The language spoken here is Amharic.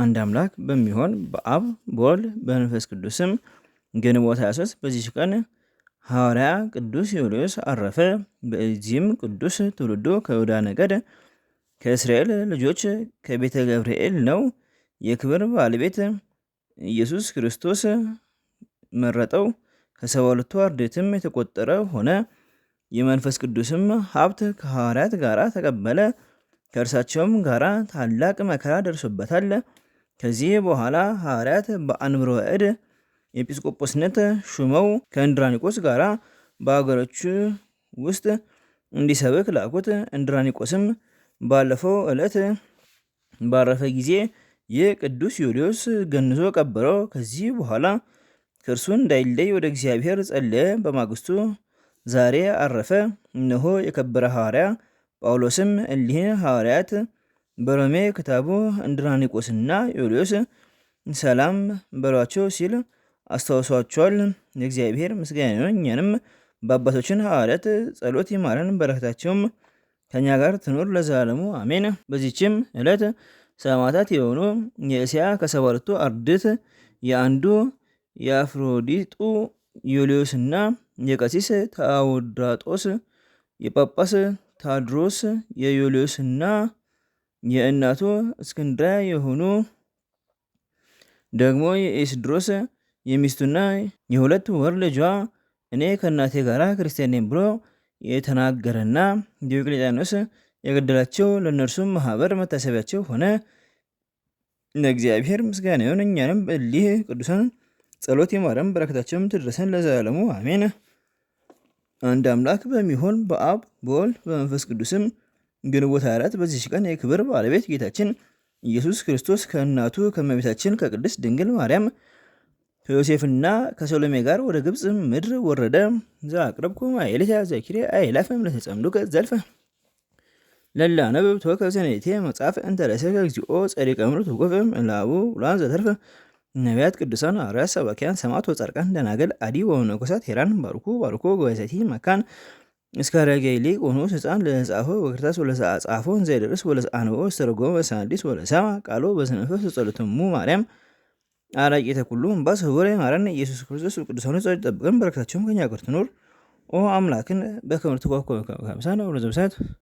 አንድ አምላክ በሚሆን በአብ በወልድ በመንፈስ ቅዱስም ግንቦት 23 በዚች ቀን ሐዋርያ ቅዱስ ዮልዮስ አረፈ። በዚህም ቅዱስ ትውልዱ ከይሁዳ ነገድ ከእስራኤል ልጆች ከቤተ ገብርኤል ነው። የክብር ባለቤት ኢየሱስ ክርስቶስ መረጠው። ከሰባ ሁለቱ አርድእትም የተቆጠረ ሆነ። የመንፈስ ቅዱስም ሀብት ከሐዋርያት ጋር ተቀበለ። ከእርሳቸውም ጋራ ታላቅ መከራ ደርሶበታል። ከዚህ በኋላ ሐዋርያት በአንብሮ እድ ኤጲስቆጶስነት ሹመው ከእንድራኒቆስ ጋር በአገሮቹ ውስጥ እንዲሰብክ ላኩት። እንድራኒቆስም ባለፈው ዕለት ባረፈ ጊዜ ይህ ቅዱስ ዮልዮስ ገንዞ ቀበረው። ከዚህ በኋላ ከእርሱ እንዳይለይ ወደ እግዚአብሔር ጸለየ። በማግስቱ ዛሬ አረፈ። እነሆ የከበረ ሐዋርያ ጳውሎስም እሊህን ሐዋርያት በሮሜ ክታቡ እንድራኒቆስና ዮልዮስ ሰላም በሏቸው ሲል አስታውሷቸዋል። የእግዚአብሔር ምስጋና ይሁን። እኛንም በአባቶችን ሐዋርያት ጸሎት ይማረን፣ በረከታቸውም ከኛ ጋር ትኑር ለዘላለሙ አሜን። በዚችም ዕለት ሰማዕታት የሆኑ የእስያ ከሰባ አርድት የአንዱ የአፍሮዲጡ ዮልዮስና የቀሲስ ታዎድራጦስ የጳጳስ ታድሮስ የዮልዮስና የእናቱ እስክንድራ የሆኑ ደግሞ የኢስድሮስ የሚስቱና የሁለት ወር ልጇ እኔ ከእናቴ ጋር ክርስቲያን ነኝ ብሎ የተናገረና ዲዮቅልጥያኖስ የገደላቸው ለእነርሱም ማህበር መታሰቢያቸው ሆነ። ለእግዚአብሔር ምስጋና ይሁን። እኛንም በሊህ ቅዱሳን ጸሎት ይማረን፣ በረከታቸውም ትድረሰን ለዘላለሙ አሜን። አንድ አምላክ በሚሆን በአብ በወልድ በመንፈስ ቅዱስም ግንቦት አራት በዚች ቀን የክብር ባለቤት ጌታችን ኢየሱስ ክርስቶስ ከእናቱ ከመቤታችን ከቅድስት ድንግል ማርያም ከዮሴፍና ከሰሎሜ ጋር ወደ ግብፅ ምድር ወረደ። ዘአቅረብኩ ማኅሌተ ዘኪሬ አእላፈ እምለተጸምዱከ ዘልፈ ለላ ነብብ ተወከ ሰኔቴ መጽሐፍ እንተረሰ እግዚኦ ጸሪቀ ምር ተጎፈም ላቡ ላን ዘተርፈ ነቢያት፣ ቅዱሳን፣ አርያ ሰባኪያን፣ ሰማዕት ወጻድቃን፣ ደናገል፣ አዲ ወመነኮሳት ሄራን ባርኩ ባርኮ ጎሳቲ መካን እስካረገይሌ ቆኖስ ሕፃን ለህጻፈ በክርታስ ወለሰአጻፎ እንዘይደርስ ወለሰአንቦ እስተረጎመ በሰአዲስ ወለሰማ ቃሎ በስነፈስ ጸሎትሙ ማርያም አራቂተ ተኩሉ እምባስ ህቡረ ማረነ ኢየሱስ ክርስቶስ ቅዱሳኑ ጸሎት ይጠብቀን፣ በረከታቸውም ከኛ ጋር ትኑር። ኦ አምላክን በከመ ትኆኵን ከመ ካምሳነ ወለዘበሰዓት